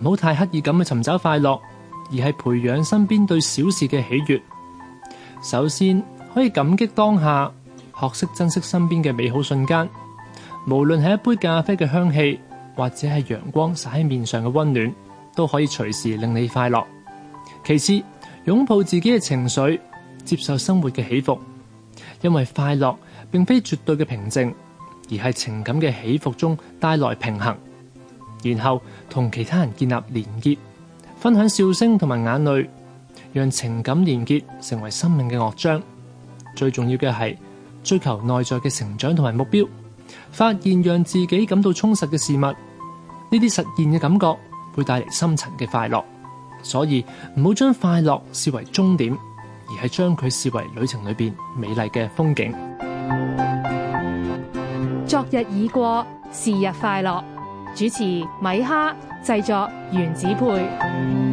唔好太刻意咁去尋找快樂，而係培養身邊對小事嘅喜悅。首先，可以感激當下，學識珍惜身邊嘅美好瞬間。無論係一杯咖啡嘅香氣，或者係陽光灑喺面上嘅溫暖，都可以隨時令你快樂。其次，擁抱自己嘅情緒，接受生活嘅起伏，因為快樂並非絕對嘅平靜，而係情感嘅起伏中帶來平衡。然後同其他人建立連結，分享笑聲同埋眼淚，讓情感連結成為生命嘅樂章。最重要嘅係追求內在嘅成長同埋目標，發現讓自己感到充實嘅事物。呢啲實現嘅感覺會帶嚟深層嘅快樂。所以唔好將快樂視為終點，而係將佢視為旅程裏邊美麗嘅風景。昨日已過，是日快樂。主持米哈，製作原子配。